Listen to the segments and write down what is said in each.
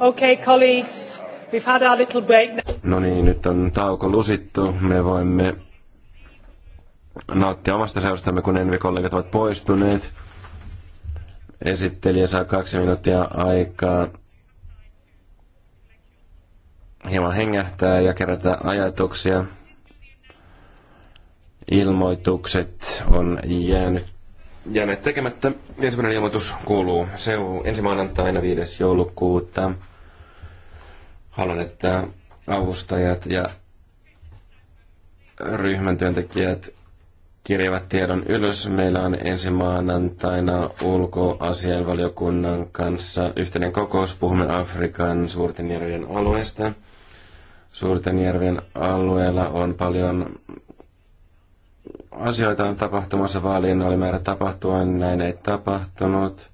Okay, colleagues, we've had our little break. No niin, nyt on tauko lusittu. Me voimme nauttia omasta seurastamme, kun Envi-kollegat ovat poistuneet. Esittelijä saa kaksi minuuttia aikaa hieman hengähtää ja kerätä ajatuksia. Ilmoitukset on jäänyt jääneet tekemättä. Ensimmäinen ilmoitus kuuluu seu ensi maanantaina 5. joulukuuta. Haluan, että avustajat ja ryhmän työntekijät kirjavat tiedon ylös. Meillä on ensi maanantaina ulkoasianvaliokunnan kanssa yhteinen kokous. Puhumme Afrikan suurten järvien alueesta. Suurten järvien alueella on paljon asioita on tapahtumassa, vaalien oli määrä tapahtua, näin ei tapahtunut.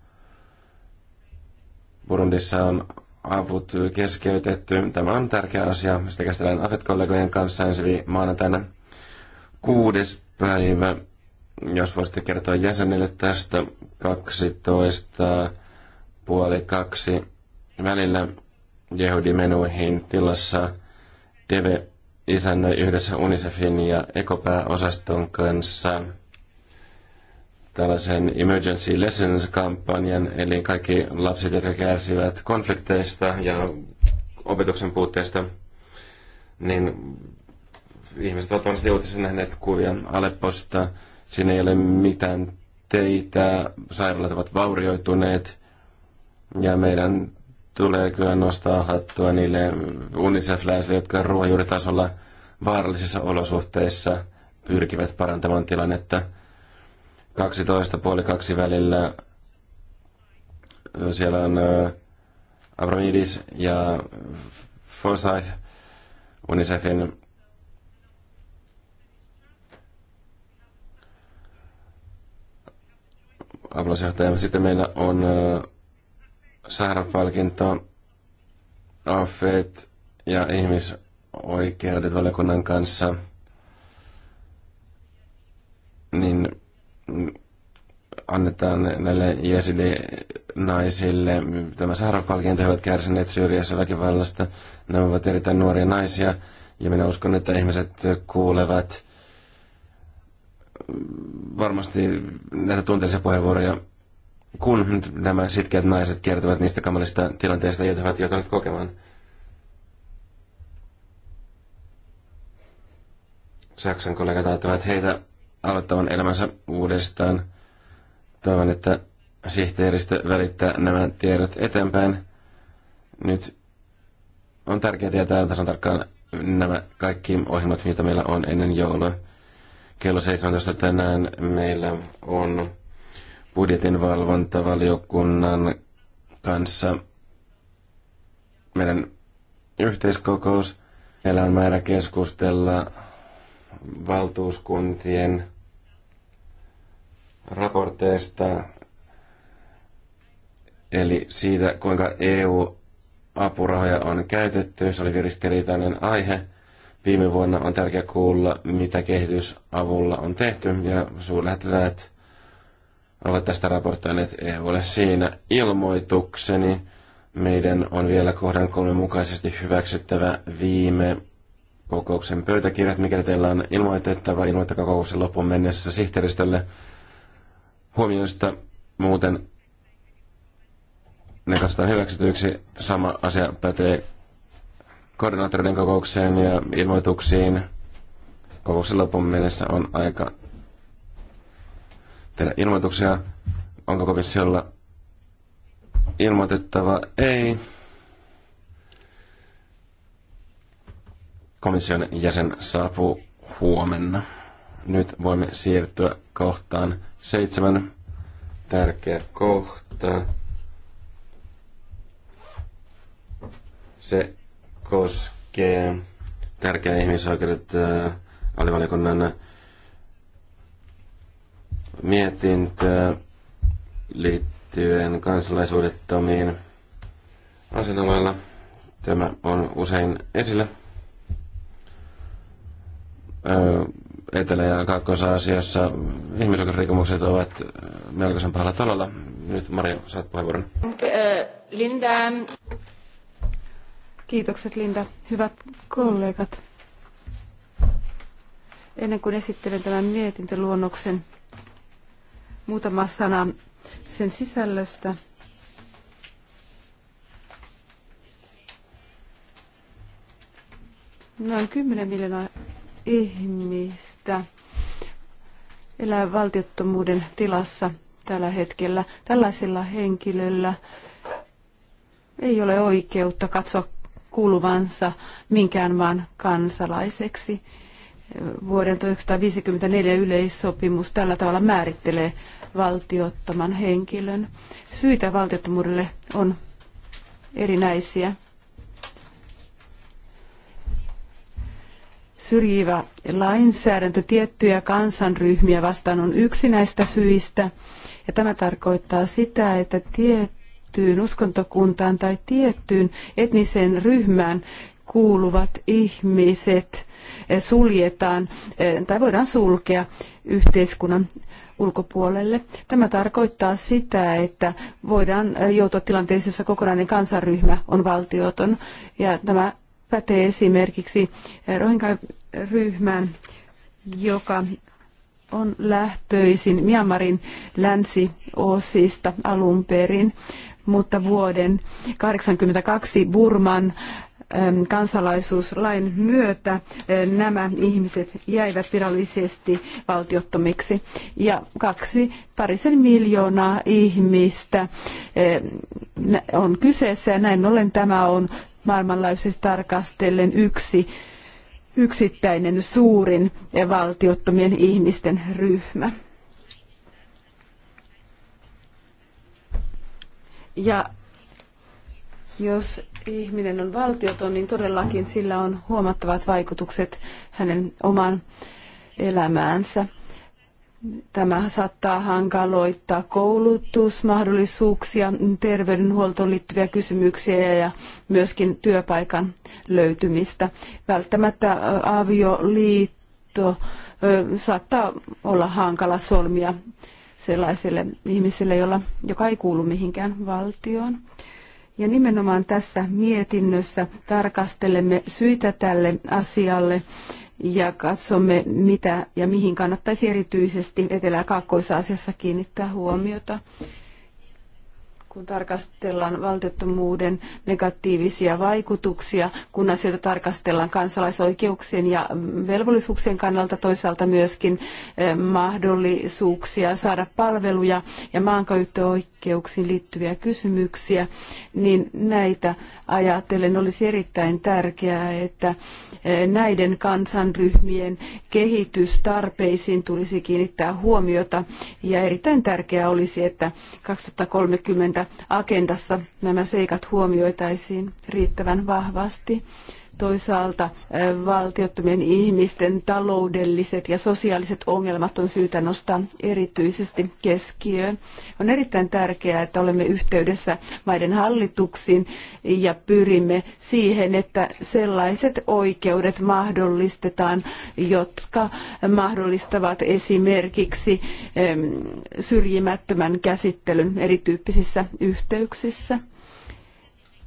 Burundissa on avut keskeytetty. Tämä on tärkeä asia. Sitä käsitellään AFET-kollegojen kanssa ensi maanantaina kuudes päivä. Jos voisitte kertoa jäsenille tästä 12 puoli kaksi välillä Jehudi menuihin tilassa Deve isännöi yhdessä UNICEFin ja EKOPÄ-osaston kanssa tällaisen Emergency Lessons-kampanjan, eli kaikki lapset, jotka kärsivät konflikteista ja opetuksen puutteesta, niin ihmiset ovat varmasti uutisissa nähneet kuvia Alepposta. Siinä ei ole mitään teitä, sairaalat ovat vaurioituneet, ja meidän tulee kyllä nostaa hattua niille unicef jotka ruohonjuuritasolla vaarallisissa olosuhteissa pyrkivät parantamaan tilannetta 12.5.2 välillä. Siellä on Abramidis ja Forsyth UNICEFin apulaisjohtaja. Sitten meillä on sahra palkinto AFET ja ihmisoikeudet valiokunnan kanssa, niin annetaan näille jesidinaisille tämä sahra palkinto he ovat kärsineet Syyriassa väkivallasta. Nämä ovat erittäin nuoria naisia ja minä uskon, että ihmiset kuulevat varmasti näitä tunteellisia puheenvuoroja kun nämä sitkeät naiset kertovat niistä kamalista tilanteista, joita ovat joutuneet kokemaan. Saksan kollegat auttavat heitä aloittamaan elämänsä uudestaan. Toivon, että sihteeristö välittää nämä tiedot eteenpäin. Nyt on tärkeää tietää tasan tarkkaan nämä kaikki ohjelmat, mitä meillä on ennen joulua. Kello 17 tänään meillä on valvontavaliokunnan kanssa meidän yhteiskokous. Meillä on määrä keskustella valtuuskuntien raporteista, eli siitä, kuinka EU-apurahoja on käytetty. Se oli ristiriitainen aihe. Viime vuonna on tärkeää kuulla, mitä kehitysavulla on tehty, ja suurlähettiläät ovat tästä raportoineet EUlle. Siinä ilmoitukseni meidän on vielä kohdan kolme mukaisesti hyväksyttävä viime kokouksen pöytäkirjat, mikäli teillä on ilmoitettava, ilmoittakaa kokouksen loppuun mennessä sihteeristölle huomioista. Muuten ne katsotaan hyväksytyksi. Sama asia pätee koordinaattoreiden kokoukseen ja ilmoituksiin. Kokouksen loppuun mennessä on aika tehdä ilmoituksia. Onko komissiolla ilmoitettava? Ei. Komission jäsen saapuu huomenna. Nyt voimme siirtyä kohtaan seitsemän tärkeä kohta. Se koskee tärkeä ihmisoikeudet äh, alivaliokunnan mietintö liittyen kansalaisuudettomiin aselueilla. Tämä on usein esillä. Etelä- ja Kaakkois-Aasiassa Ihmisoikeusrikomukset ovat melkoisen pahalla talolla. Nyt Maria, saat puheenvuoron. Linda. Kiitokset Linda. Hyvät kollegat. Ennen kuin esittelen tämän mietintöluonnoksen, Muutama sana sen sisällöstä. Noin 10 miljoonaa ihmistä elää valtiottomuuden tilassa tällä hetkellä. Tällaisilla henkilöillä ei ole oikeutta katsoa kuuluvansa minkään maan kansalaiseksi. Vuoden 1954 yleissopimus tällä tavalla määrittelee valtiottoman henkilön. Syitä valtiottomuudelle on erinäisiä. Syrjivä lainsäädäntö tiettyjä kansanryhmiä vastaan on yksi näistä syistä. Ja tämä tarkoittaa sitä, että tiettyyn uskontokuntaan tai tiettyyn etniseen ryhmään kuuluvat ihmiset eh, suljetaan eh, tai voidaan sulkea yhteiskunnan ulkopuolelle. Tämä tarkoittaa sitä, että voidaan eh, joutua tilanteeseen, jossa kokonainen kansaryhmä on valtioton. Ja tämä pätee esimerkiksi Rohingya-ryhmään, joka on lähtöisin Myanmarin länsiosista alun perin, mutta vuoden 1982 Burman Ähm, kansalaisuuslain myötä äh, nämä ihmiset jäivät virallisesti valtiottomiksi. Ja kaksi parisen miljoonaa ihmistä äh, on kyseessä ja näin ollen tämä on maailmanlaajuisesti tarkastellen yksi yksittäinen suurin valtiottomien ihmisten ryhmä. Ja jos ihminen on valtioton, niin todellakin sillä on huomattavat vaikutukset hänen oman elämäänsä. Tämä saattaa hankaloittaa koulutusmahdollisuuksia, terveydenhuoltoon liittyviä kysymyksiä ja myöskin työpaikan löytymistä. Välttämättä avioliitto saattaa olla hankala solmia sellaiselle ihmiselle, jolla, joka ei kuulu mihinkään valtioon. Ja nimenomaan tässä mietinnössä tarkastelemme syitä tälle asialle ja katsomme, mitä ja mihin kannattaisi erityisesti Etelä- ja Kaakkois-Aasiassa kiinnittää huomiota kun tarkastellaan valtiottomuuden negatiivisia vaikutuksia, kun asioita tarkastellaan kansalaisoikeuksien ja velvollisuuksien kannalta, toisaalta myöskin eh, mahdollisuuksia saada palveluja ja maankäyttöoikeuksiin liittyviä kysymyksiä, niin näitä ajatellen olisi erittäin tärkeää, että eh, näiden kansanryhmien kehitystarpeisiin tulisi kiinnittää huomiota ja erittäin tärkeää olisi, että 2030 agendassa nämä seikat huomioitaisiin riittävän vahvasti. Toisaalta eh, valtiottomien ihmisten taloudelliset ja sosiaaliset ongelmat on syytä nostaa erityisesti keskiöön. On erittäin tärkeää, että olemme yhteydessä maiden hallituksiin ja pyrimme siihen, että sellaiset oikeudet mahdollistetaan, jotka mahdollistavat esimerkiksi syrjimättömän käsittelyn erityyppisissä yhteyksissä.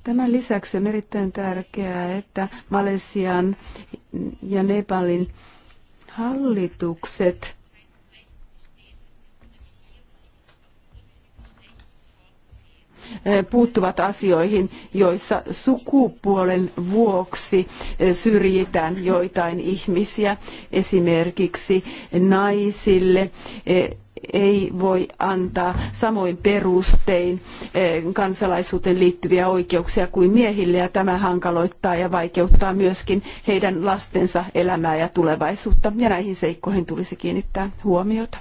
Tämän lisäksi on erittäin tärkeää, että Malesian ja Nepalin hallitukset puuttuvat asioihin, joissa sukupuolen vuoksi syrjitään joitain ihmisiä, esimerkiksi naisille ei voi antaa samoin perustein eh, kansalaisuuteen liittyviä oikeuksia kuin miehille ja tämä hankaloittaa ja vaikeuttaa myöskin heidän lastensa elämää ja tulevaisuutta ja näihin seikkoihin tulisi kiinnittää huomiota.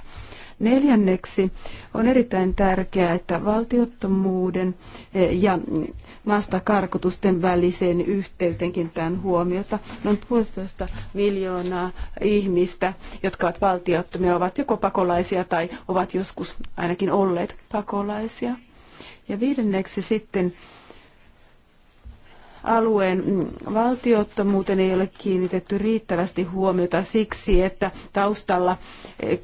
Neljänneksi on erittäin tärkeää, että valtiottomuuden eh, ja maasta väliseen yhteyteen tämän huomiota. Noin puolitoista miljoonaa ihmistä, jotka ovat valtiottomia, ovat joko pakolaisia tai ovat joskus ainakin olleet pakolaisia. Ja viidenneksi sitten alueen valtiottomuuteen ei ole kiinnitetty riittävästi huomiota siksi, että taustalla eh,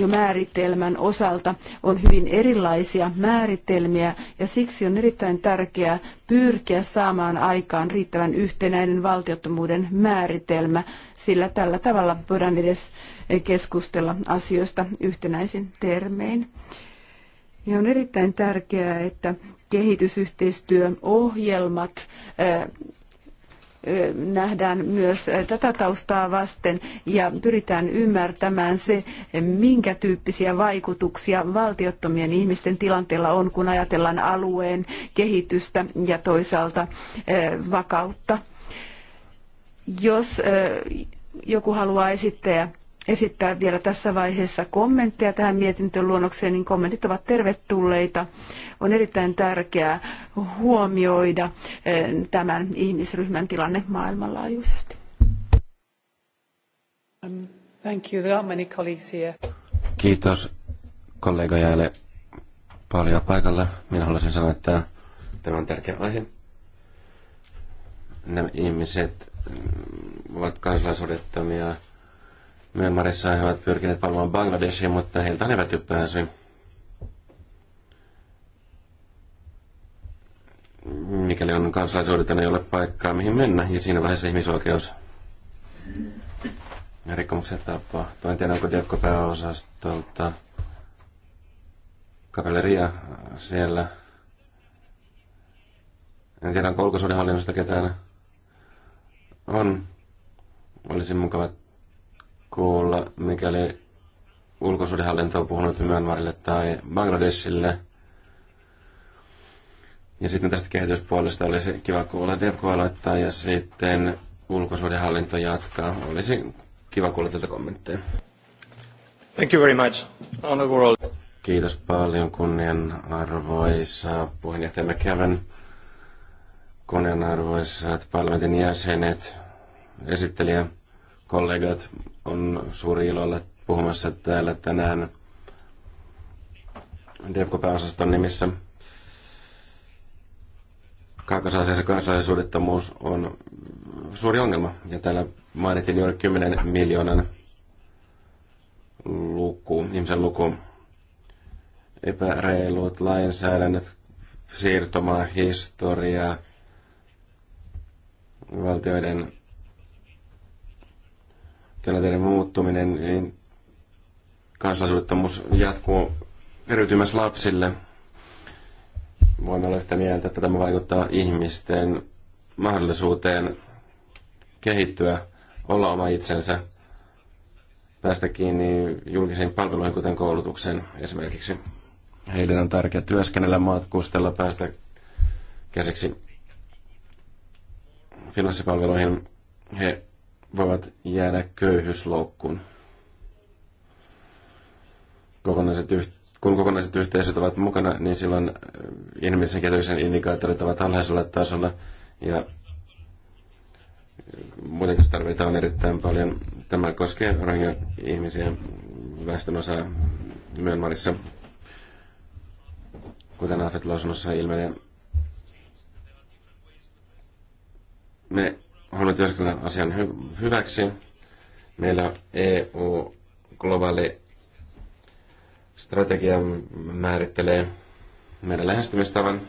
jo määritelmän osalta on hyvin erilaisia määritelmiä ja siksi on erittäin tärkeää pyrkiä saamaan aikaan riittävän yhtenäinen valtiottomuuden määritelmä, sillä tällä tavalla voidaan edes eh, keskustella asioista yhtenäisin termein. Ja on erittäin tärkeää, että kehitysyhteistyön ohjelmat äh, äh, nähdään myös äh, tätä taustaa vasten ja pyritään ymmärtämään se, minkä tyyppisiä vaikutuksia valtiottomien ihmisten tilanteella on, kun ajatellaan alueen kehitystä ja toisaalta vakautta. Jos joku haluaa esittää esittää vielä tässä vaiheessa kommentteja tähän mietintöön luonnokseen, niin kommentit ovat tervetulleita. On erittäin tärkeää huomioida eh, tämän ihmisryhmän tilanne maailmanlaajuisesti. Um, thank you. There are many colleagues here. Kiitos kollega ei paljon paikalla. Minä haluaisin sanoa, että tämä on tärkeä aihe. Nämä ihmiset mm, ovat kansalaisuudettomia Myanmarissa he ovat pyrkineet palaamaan Bangladeshiin, mutta heiltä on evätty pääsy. Mikäli on kansalaisuudet, niin ei ole paikkaa mihin mennä, ja siinä vaiheessa ihmisoikeus rikkomukset tapahtuu. En tiedä, onko Diakko pääosastolta kavelleria siellä. En tiedä, onko ulkosuudenhallinnosta ketään on. Olisi mukava kuulla, mikäli ulkosuudenhallinto on puhunut Myanmarille tai Bangladesille. Ja sitten tästä kehityspuolesta olisi kiva kuulla Devko aloittaa ja sitten ulkosuudenhallinto jatkaa. Olisi kiva kuulla tätä kommentteja. Thank you very much. on the world. Kiitos paljon kunnianarvoisa puheenjohtaja McKevin, kunnianarvoisat parlamentin jäsenet, esittelijä kollegat. On suuri ilo olla puhumassa täällä tänään DevCo-pääosaston nimissä. Kaakosasiassa kansalaisuudettomuus on suuri ongelma, ja täällä mainittiin juuri 10 miljoonan luku, ihmisen luku. Epäreilut lainsäädännöt, siirtomaa, historia, valtioiden tilanteiden muuttuminen, niin kansalaisuudettomuus jatkuu eriytymässä lapsille. Voimme olla yhtä mieltä, että tämä vaikuttaa ihmisten mahdollisuuteen kehittyä, olla oma itsensä, päästä kiinni julkisiin palveluihin, kuten koulutuksen esimerkiksi. Heidän on tärkeää työskennellä, matkustella, päästä käsiksi finanssipalveluihin. He voivat jäädä köyhyysloukkuun. Kokonaiset yh- kun kokonaiset yhteisöt ovat mukana, niin silloin eh, inhimillisen kehityksen indikaattorit ovat alhaisella tasolla ja eh, muutenkin on erittäin paljon. Tämä koskee rohingya ihmisiä osaa Myönmarissa, kuten Afet lausunnossa ilmenee. Me haluan työskennellä asian hy- hyväksi. Meillä on EU globaali strategia määrittelee meidän lähestymistavan.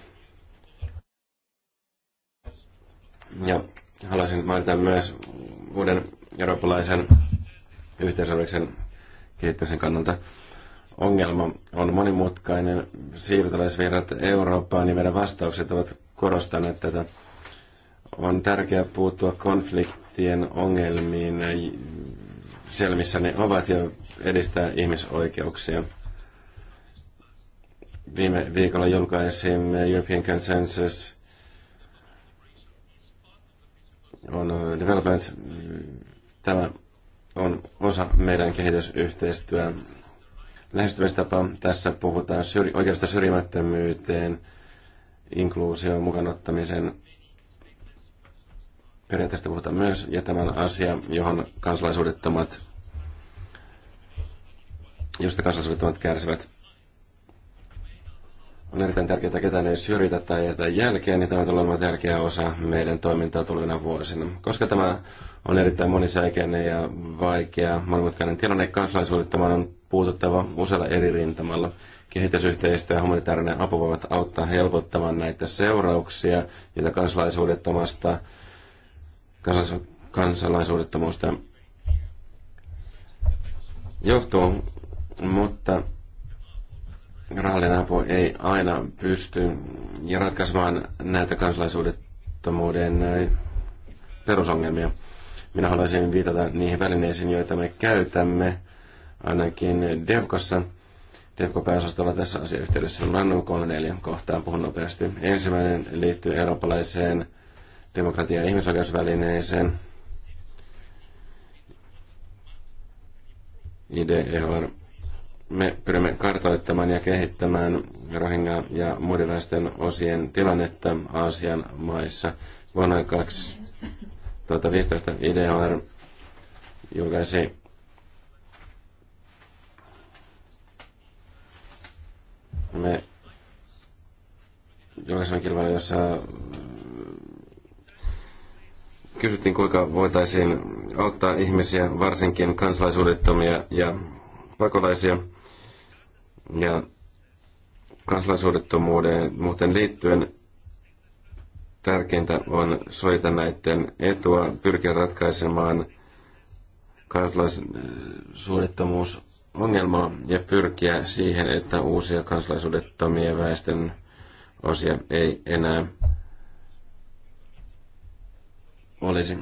Ja haluaisin mainita myös uuden eurooppalaisen yhteisöllisen kehittämisen kannalta. Ongelma on monimutkainen. Siirtolaisvirrat Eurooppaan, niin meidän vastaukset ovat korostaneet tätä on tärkeää puuttua konfliktien ongelmiin siellä, missä ne ovat ja edistää ihmisoikeuksia. Viime viikolla julkaisimme European Consensus on uh, development. Tämä on osa meidän kehitysyhteistyön lähestymistapa. Tässä puhutaan syr- oikeasta syrjimättömyyteen, inkluusion mukanottamisen Periaatteesta puhutaan myös, ja tämä on asia, johon kansalaisuudettomat, josta kansalaisuudettomat kärsivät. On erittäin tärkeää, että ketään ei syrjitä tai jätä jälkeen, niin tämä tulee olemaan tärkeä osa meidän toimintaa tulevina vuosina. Koska tämä on erittäin monisäikeinen ja vaikea monimutkainen tilanne, kansalaisuudettoman on puututtava usealla eri rintamalla. Kehitysyhteistyö ja humanitaarinen apu voivat auttaa helpottamaan näitä seurauksia, joita kansalaisuudettomasta kansalais- kansalaisuudettomuusta johtuu, mutta rahallinen apu ei aina pysty ratkaisemaan näitä kansalaisuudettomuuden perusongelmia. Minä haluaisin viitata niihin välineisiin, joita me käytämme, ainakin Devkossa. Devko-pääosastolla tässä asiayhteydessä on noin kolme neljä kohtaa, puhun nopeasti. Ensimmäinen liittyy eurooppalaiseen demokratia- ja ihmisoikeusvälineeseen. IDEOR. Me pyrimme kartoittamaan ja kehittämään Rohingya ja muiden osien tilannetta Aasian maissa. Vuonna 2015 IDEOR julkaisi me julkaisemme kilpailu, jossa Kysyttiin, kuinka voitaisiin auttaa ihmisiä, varsinkin kansalaisuudettomia ja pakolaisia. Ja kansalaisuudettomuuteen muuten liittyen tärkeintä on soita näiden etua, pyrkiä ratkaisemaan kansalaisuudettomuusongelmaa ja pyrkiä siihen, että uusia kansalaisuudettomia väestön osia ei enää olisi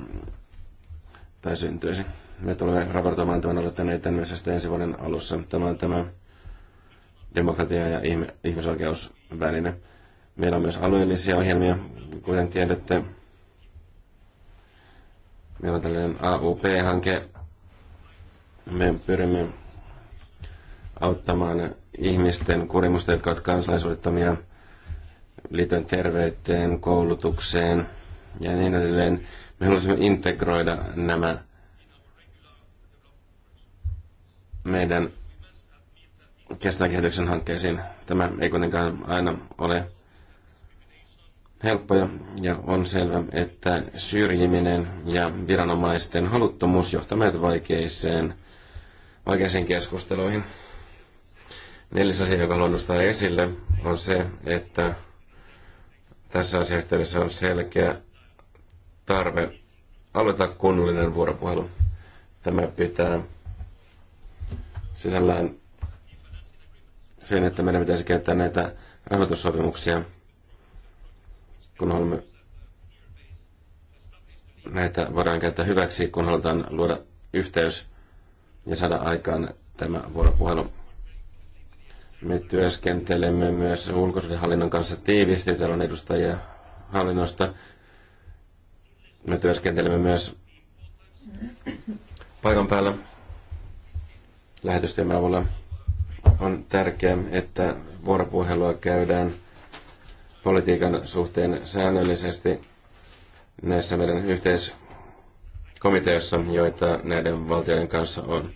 tai syntyisi. Me tulemme raportoimaan tämän aloitteen etenemisestä ensi vuoden alussa. Tämä on tämä demokratia- ja ihmisoikeusväline. Meillä on myös alueellisia ohjelmia, kuten tiedätte. Meillä on tällainen AUP-hanke. Me pyrimme auttamaan ihmisten kurimusta, jotka ovat kansalaisuudettomia liittyen terveyteen, koulutukseen ja niin edelleen. Me haluaisimme integroida nämä meidän kestävän kehityksen hankkeisiin. Tämä ei kuitenkaan aina ole helppoja ja on selvä, että syrjiminen ja viranomaisten haluttomuus johtaa meitä vaikeiseen, vaikeisiin keskusteluihin. Neljäs asia, joka haluan nostaa esille, on se, että tässä asiayhteydessä on selkeä tarve aloittaa kunnollinen vuoropuhelu. Tämä pitää sisällään sen, että meidän pitäisi käyttää näitä rahoitussopimuksia, kun haluamme näitä voidaan käyttää hyväksi, kun halutaan luoda yhteys ja saada aikaan tämä vuoropuhelu. Me työskentelemme myös ulkosuudenhallinnon kanssa tiiviisti. Täällä on edustajia hallinnosta. Me työskentelemme myös paikan päällä lähetystyön avulla. On tärkeää, että vuoropuhelua käydään politiikan suhteen säännöllisesti näissä meidän yhteiskomiteoissa, joita näiden valtioiden kanssa on.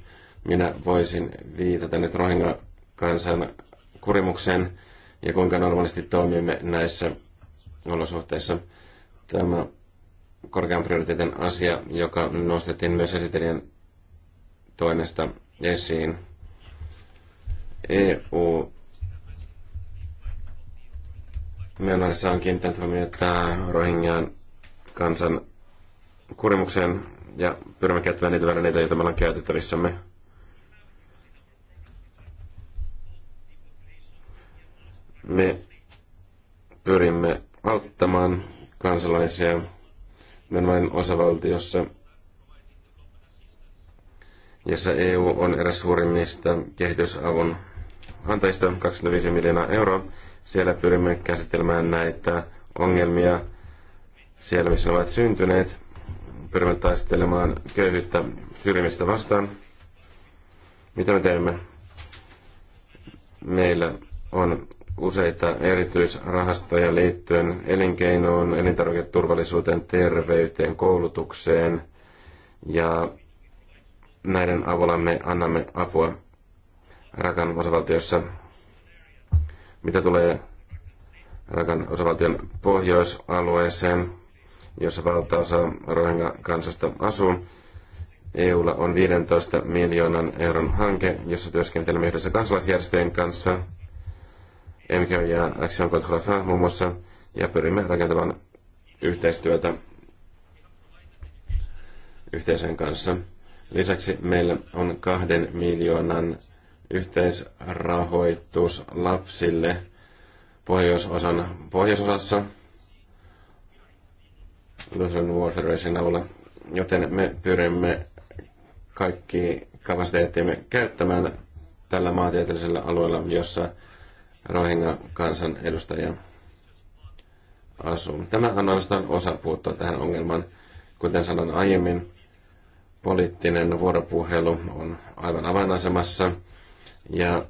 Minä voisin viitata nyt Rohingya-kansan kurimukseen ja kuinka normaalisti toimimme näissä olosuhteissa. Tämä korkean prioriteetin asia, joka nostettiin myös esittelijän toimesta esiin. EU Myönnäissä on kiinnittänyt huomiota Rohingyan kansan kurimukseen ja pyrimme käyttämään niitä välineitä, joita meillä on käytettävissämme. Me pyrimme auttamaan kansalaisia vain osavaltiossa, jossa EU on eräs suurimmista kehitysavun antajista, 25 miljoonaa euroa. Siellä pyrimme käsittelemään näitä ongelmia siellä, missä ne ovat syntyneet. Pyrimme taistelemaan köyhyyttä syrjimistä vastaan. Mitä me teemme? Meillä on useita erityisrahastoja liittyen elinkeinoon, elintarviketurvallisuuteen, terveyteen, koulutukseen ja näiden avulla me annamme apua Rakan osavaltiossa. Mitä tulee Rakan osavaltion pohjoisalueeseen, jossa valtaosa Rohingya-kansasta asuu, EUlla on 15 miljoonan euron hanke, jossa työskentelemme yhdessä kansalaisjärjestöjen kanssa – MK ja Action Control F muun muassa, ja pyrimme rakentamaan yhteistyötä yhteisön kanssa. Lisäksi meillä on kahden miljoonan yhteisrahoitus lapsille pohjoisosan, pohjoisosassa Lutheran World Federation avulla, joten me pyrimme kaikki kapasiteettimme käyttämään tällä maantieteellisellä alueella, jossa Rohingya-kansan edustajia asuu. Tämä on ainoastaan osa puuttua tähän ongelmaan. Kuten sanoin aiemmin, poliittinen vuoropuhelu on aivan avainasemassa. Ja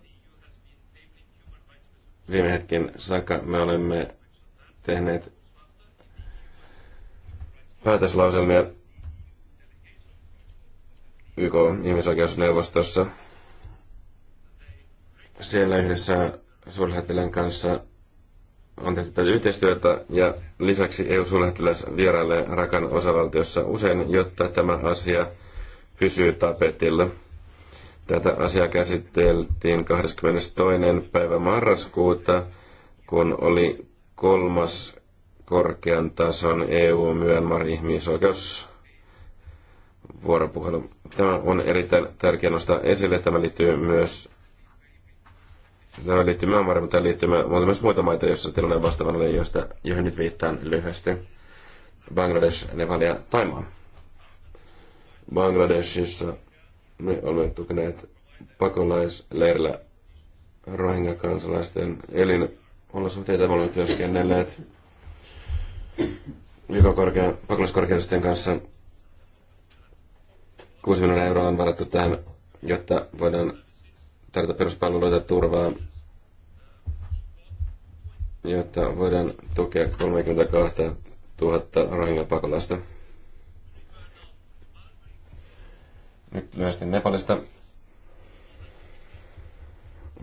viime hetken saakka me olemme tehneet päätöslauselmia YK ihmisoikeusneuvostossa. Siellä yhdessä suurlähettilän kanssa on tehty tätä yhteistyötä ja lisäksi EU-suurlähettiläs vierailee Rakan osavaltiossa usein, jotta tämä asia pysyy tapetilla. Tätä asiaa käsiteltiin 22. päivä marraskuuta, kun oli kolmas korkean tason EU-Myönmar ihmisoikeus vuoropuhelu. Tämä on erittäin tärkeä nostaa esille. Tämä liittyy myös Tämä liittyy Myanmarin, mutta, liittyy, mutta myös muita maita, joissa tilanne on vastaavanlainen, joista, johon nyt viittaan lyhyesti. Bangladesh, Nepal ja Taimaa. Bangladeshissa me olemme tukeneet pakolaisleirillä rohingya-kansalaisten elinolosuhteita. Me olemme työskennelleet YK pakolaiskorkeudisten kanssa 6 miljoonaa euroa on varattu tähän, jotta voidaan tarjota peruspalveluita, turvaa, jotta voidaan tukea 32 000 rohingya pakolasta. Nyt lyhyesti Nepalista.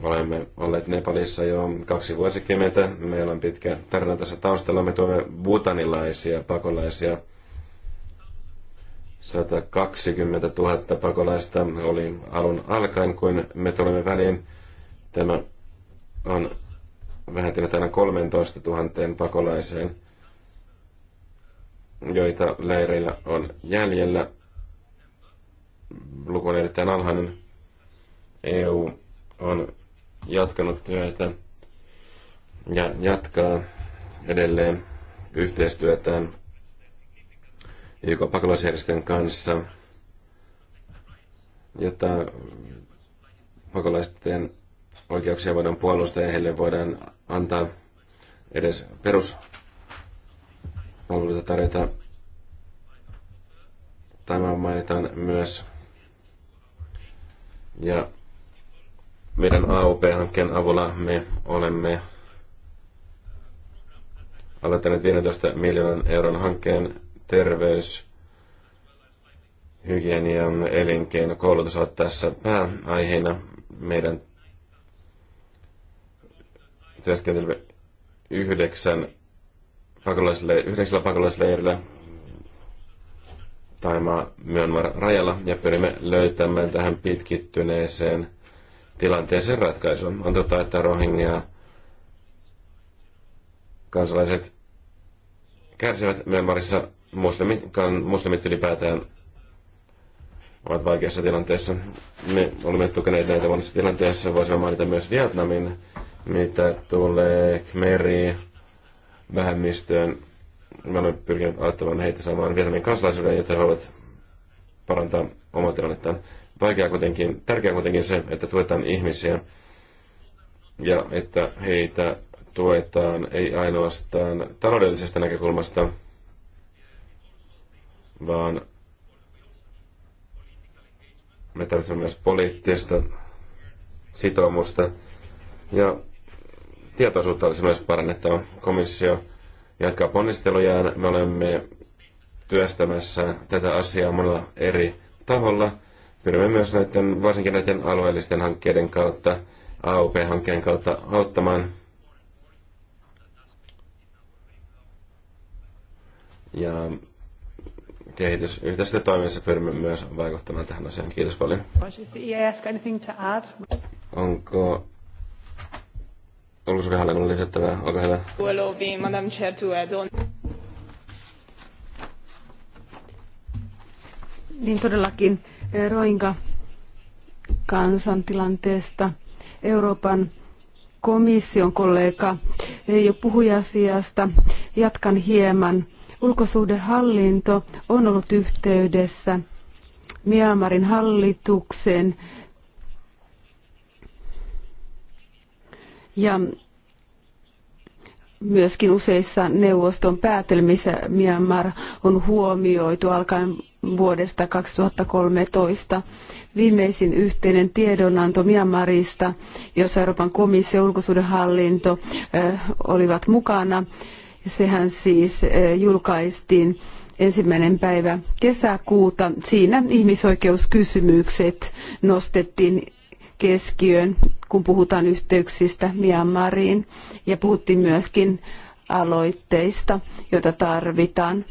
Olemme olleet Nepalissa jo kaksi vuosikymmentä. Meillä on pitkä tarina tässä taustalla. Me tuomme butanilaisia pakolaisia. 120 000 pakolaista oli alun alkaen, kun me tulemme väliin. Tämä on vähentynyt aina 13 000 pakolaiseen, joita leireillä on jäljellä. Luku on erittäin alhainen. EU on jatkanut työtä ja jatkaa edelleen yhteistyötään YK pakolaisjärjestön kanssa, jotta pakolaisten oikeuksia voidaan puolustaa ja heille voidaan antaa edes peruspalveluita tarjota. Tämä mainitaan myös. Ja meidän aop hankkeen avulla me olemme aloittaneet 15 miljoonan euron hankkeen terveys, hygienia, elinkeino, koulutus ovat tässä pääaiheena. Meidän työskentely yhdeksän pakolaisille, yhdeksällä pakolaisleirillä Taimaa Myönmar rajalla ja pyrimme löytämään tähän pitkittyneeseen tilanteeseen ratkaisun. On totta, että Rohingya kansalaiset kärsivät Myanmarissa muslimit, muslimit ylipäätään ovat vaikeassa tilanteessa. Me olemme tukeneet näitä monessa tilanteessa. Voisimme mainita myös Vietnamin mitä tulee Khmeri vähemmistöön. Mä olen pyrkinyt auttamaan heitä saamaan Vietnamin kansalaisuuden, jotta he voivat parantaa omaa tilannettaan. Vaikea kuitenkin, tärkeää kuitenkin se, että tuetaan ihmisiä ja että heitä tuetaan ei ainoastaan taloudellisesta näkökulmasta, vaan me tarvitsemme myös poliittista sitoumusta. Ja tietoisuutta olisi myös parannettava. Komissio jatkaa ponnistelujaan. Me olemme työstämässä tätä asiaa monella eri taholla. Pyrimme myös näiden, varsinkin näiden alueellisten hankkeiden kautta, AUP-hankkeen kautta auttamaan. Ja kehitys yhteistyö toiminnassa pyrimme myös vaikuttamaan tähän asiaan. Kiitos paljon. E Onko Ulkosuudenhallinnolle lisättävää, olkaa hyvä. Madame Chair to add on. Niin todellakin eh, Roinka kansantilanteesta Euroopan komission kollega eh, jo puhui asiasta. Jatkan hieman. Ulkosuhdehallinto on ollut yhteydessä Myanmarin hallituksen Ja myöskin useissa neuvoston päätelmissä Myanmar on huomioitu alkaen vuodesta 2013. Viimeisin yhteinen tiedonanto Myanmarista, jossa Euroopan komissio ja ulkosuudenhallinto olivat mukana, sehän siis julkaistiin ensimmäinen päivä kesäkuuta. Siinä ihmisoikeuskysymykset nostettiin keskiöön, kun puhutaan yhteyksistä Myanmariin. Ja puhuttiin myöskin aloitteista, joita tarvitaan.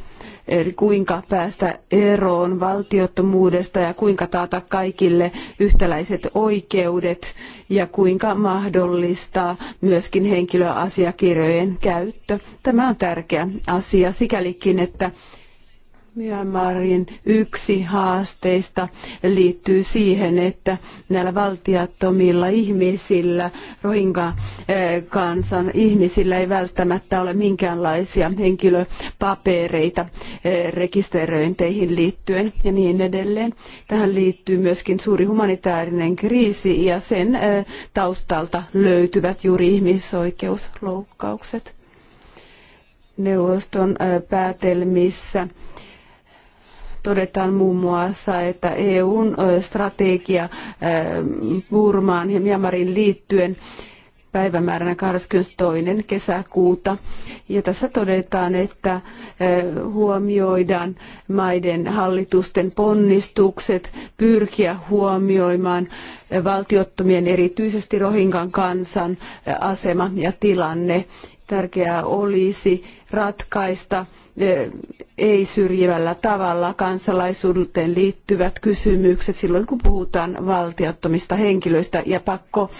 Eli kuinka päästä eroon valtiottomuudesta ja kuinka taata kaikille yhtäläiset oikeudet ja kuinka mahdollistaa myöskin henkilöasiakirjojen käyttö. Tämä on tärkeä asia sikälikin, että Myanmarin yksi haasteista liittyy siihen, että näillä valtiattomilla ihmisillä, Rohingya-kansan eh, ihmisillä ei välttämättä ole minkäänlaisia henkilöpapereita eh, rekisteröinteihin liittyen ja niin edelleen. Tähän liittyy myöskin suuri humanitaarinen kriisi ja sen eh, taustalta löytyvät juuri ihmisoikeusloukkaukset. Neuvoston päätelmissä todetaan muun muassa, että EUn strategia Burmaan ja Myanmarin liittyen päivämääränä 22. kesäkuuta. Ja tässä todetaan, että huomioidaan maiden hallitusten ponnistukset pyrkiä huomioimaan valtiottomien erityisesti Rohingan kansan asema ja tilanne tärkeää olisi ratkaista ei-syrjivällä tavalla kansalaisuuteen liittyvät kysymykset silloin, kun puhutaan valtiottomista henkilöistä ja pakko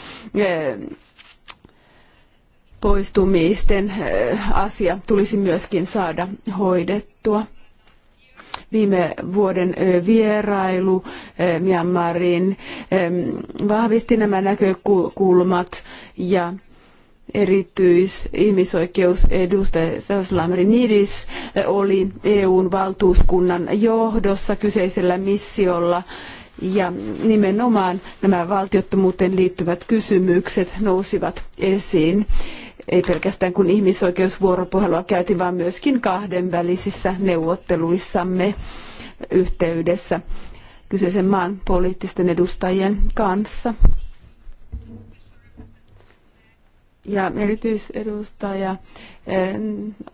poistumisten asia tulisi myöskin saada hoidettua. Viime vuoden vierailu Myanmariin vahvisti nämä näkökulmat ja erityisihmisoikeusedustaja Stavros eh, oli EUn valtuuskunnan johdossa kyseisellä missiolla ja nimenomaan nämä valtiottomuuteen liittyvät kysymykset nousivat esiin. Ei pelkästään kun ihmisoikeusvuoropuhelua käytiin, vaan myöskin kahdenvälisissä neuvotteluissamme yhteydessä kyseisen maan poliittisten edustajien kanssa ja erityisedustaja eh,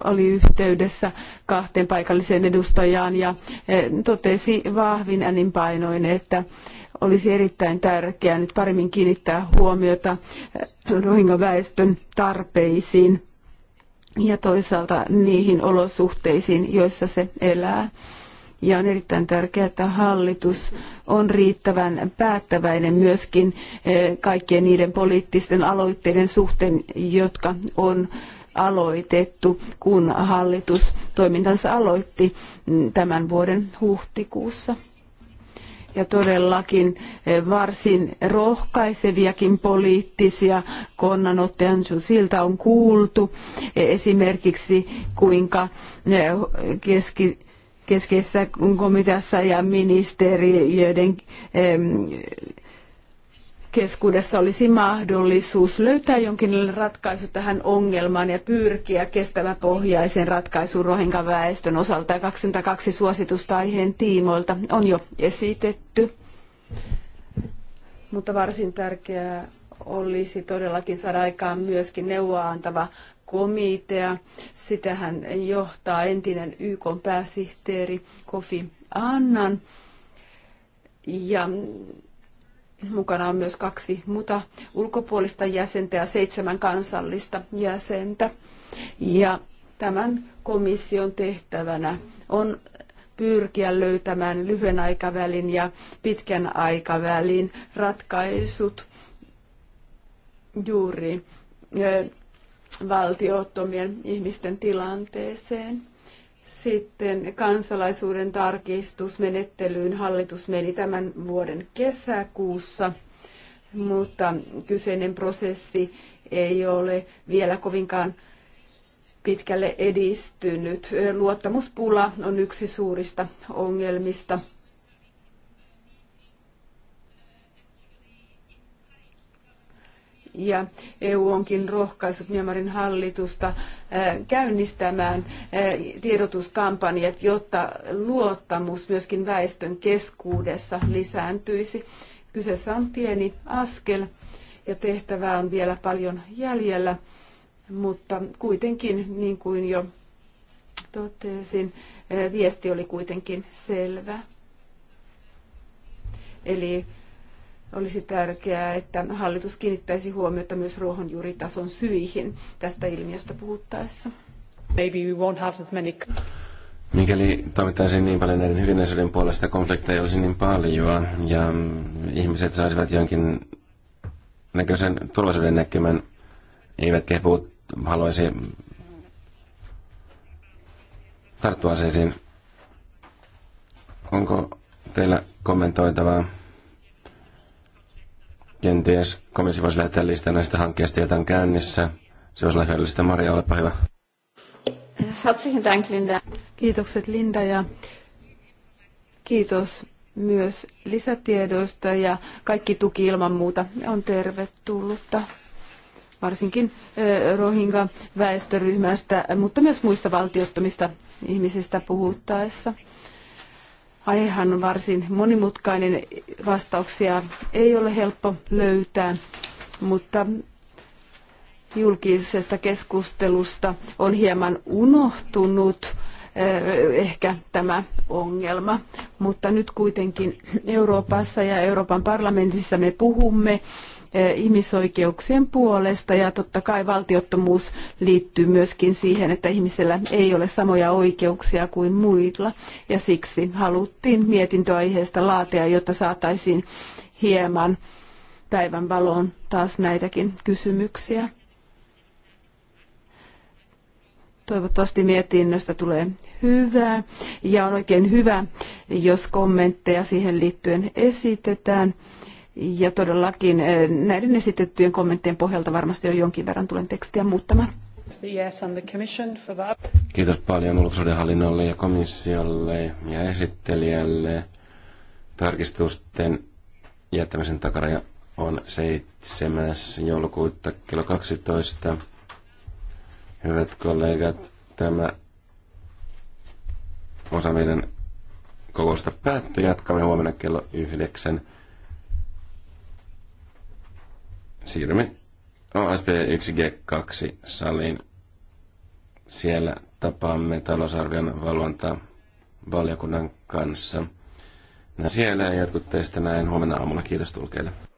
oli yhteydessä kahteen paikalliseen edustajaan ja eh, totesi vahvin painoin, että olisi erittäin tärkeää nyt paremmin kiinnittää huomiota eh, Rohingya-väestön tarpeisiin ja toisaalta niihin olosuhteisiin, joissa se elää ja on erittäin tärkeää, että hallitus on riittävän päättäväinen myöskin eh, kaikkien niiden poliittisten aloitteiden suhteen, jotka on aloitettu, kun hallitus toimintansa aloitti mm, tämän vuoden huhtikuussa ja todellakin eh, varsin rohkaiseviakin poliittisia kannanottoja siltä on kuultu. Eh, esimerkiksi kuinka keski keskeisessä komiteassa ja ministeriöiden keskuudessa olisi mahdollisuus löytää jonkinlainen ratkaisu tähän ongelmaan ja pyrkiä kestäväpohjaisen ratkaisuun rohinkan väestön osalta. Ja 22 suositusta aiheen tiimoilta on jo esitetty. Mutta varsin tärkeää olisi todellakin saada aikaan myöskin neuvoa antava komitea. Sitähän johtaa entinen YK pääsihteeri Kofi Annan. Ja mukana on myös kaksi muuta ulkopuolista jäsentä ja seitsemän kansallista jäsentä. Ja tämän komission tehtävänä on pyrkiä löytämään lyhyen aikavälin ja pitkän aikavälin ratkaisut juuri valtiottomien ihmisten tilanteeseen. Sitten kansalaisuuden tarkistusmenettelyyn hallitus meni tämän vuoden kesäkuussa, mutta kyseinen prosessi ei ole vielä kovinkaan pitkälle edistynyt. Luottamuspula on yksi suurista ongelmista ja EU onkin rohkaissut Myanmarin hallitusta äh, käynnistämään äh, tiedotuskampanjat, jotta luottamus myöskin väestön keskuudessa lisääntyisi. Kyseessä on pieni askel ja tehtävää on vielä paljon jäljellä, mutta kuitenkin, niin kuin jo totesin, äh, viesti oli kuitenkin selvä. Eli olisi tärkeää, että hallitus kiinnittäisi huomiota myös ruohonjuuritason syihin tästä ilmiöstä puhuttaessa. Maybe we won't have as many... Mikäli toimittaisiin niin paljon näiden hyvinäisyyden puolesta, konflikteja ei olisi niin paljon ja ihmiset saisivat jonkin näköisen turvallisuuden näkymän, eivät puhut haluaisi tarttua aseisiin. Onko teillä kommentoitavaa? Kenties komissio voisi lähettää listan näistä hankkeista, joita on käynnissä. Se olisi olla hyödyllistä. Maria, olepa hyvä. Herzlichen Dank, Linda. Kiitokset Linda ja kiitos myös lisätiedoista ja kaikki tuki ilman muuta on tervetullutta varsinkin rohinga väestöryhmästä, mutta myös muista valtiottomista ihmisistä puhuttaessa. Aihehan on varsin monimutkainen, vastauksia ei ole helppo löytää, mutta julkisesta keskustelusta on hieman unohtunut eh, ehkä tämä ongelma. Mutta nyt kuitenkin Euroopassa ja Euroopan parlamentissa me puhumme Eh, ihmisoikeuksien puolesta ja totta kai valtiottomuus liittyy myöskin siihen, että ihmisellä ei ole samoja oikeuksia kuin muilla ja siksi haluttiin mietintöaiheesta laatia, jotta saataisiin hieman päivänvaloon taas näitäkin kysymyksiä. Toivottavasti mietinnöstä tulee hyvää ja on oikein hyvä, jos kommentteja siihen liittyen esitetään. Ja todellakin eh, näiden esitettyjen kommenttien pohjalta varmasti jo jonkin verran tulen tekstiä muuttamaan. Uh, Kiitos paljon ulkosuudenhallinnolle ja komissiolle ja esittelijälle. Tarkistusten jättämisen takaraja on 7. joulukuuta kello 12. Hyvät kollegat, tämä osa meidän kokousta päättyy. Jatkamme huomenna kello 9. siirrymme OSP1G2-saliin. Siellä tapaamme talousarvion valvontaa valiokunnan kanssa. Siellä jatkut teistä näin huomenna aamulla. Kiitos tulkeille.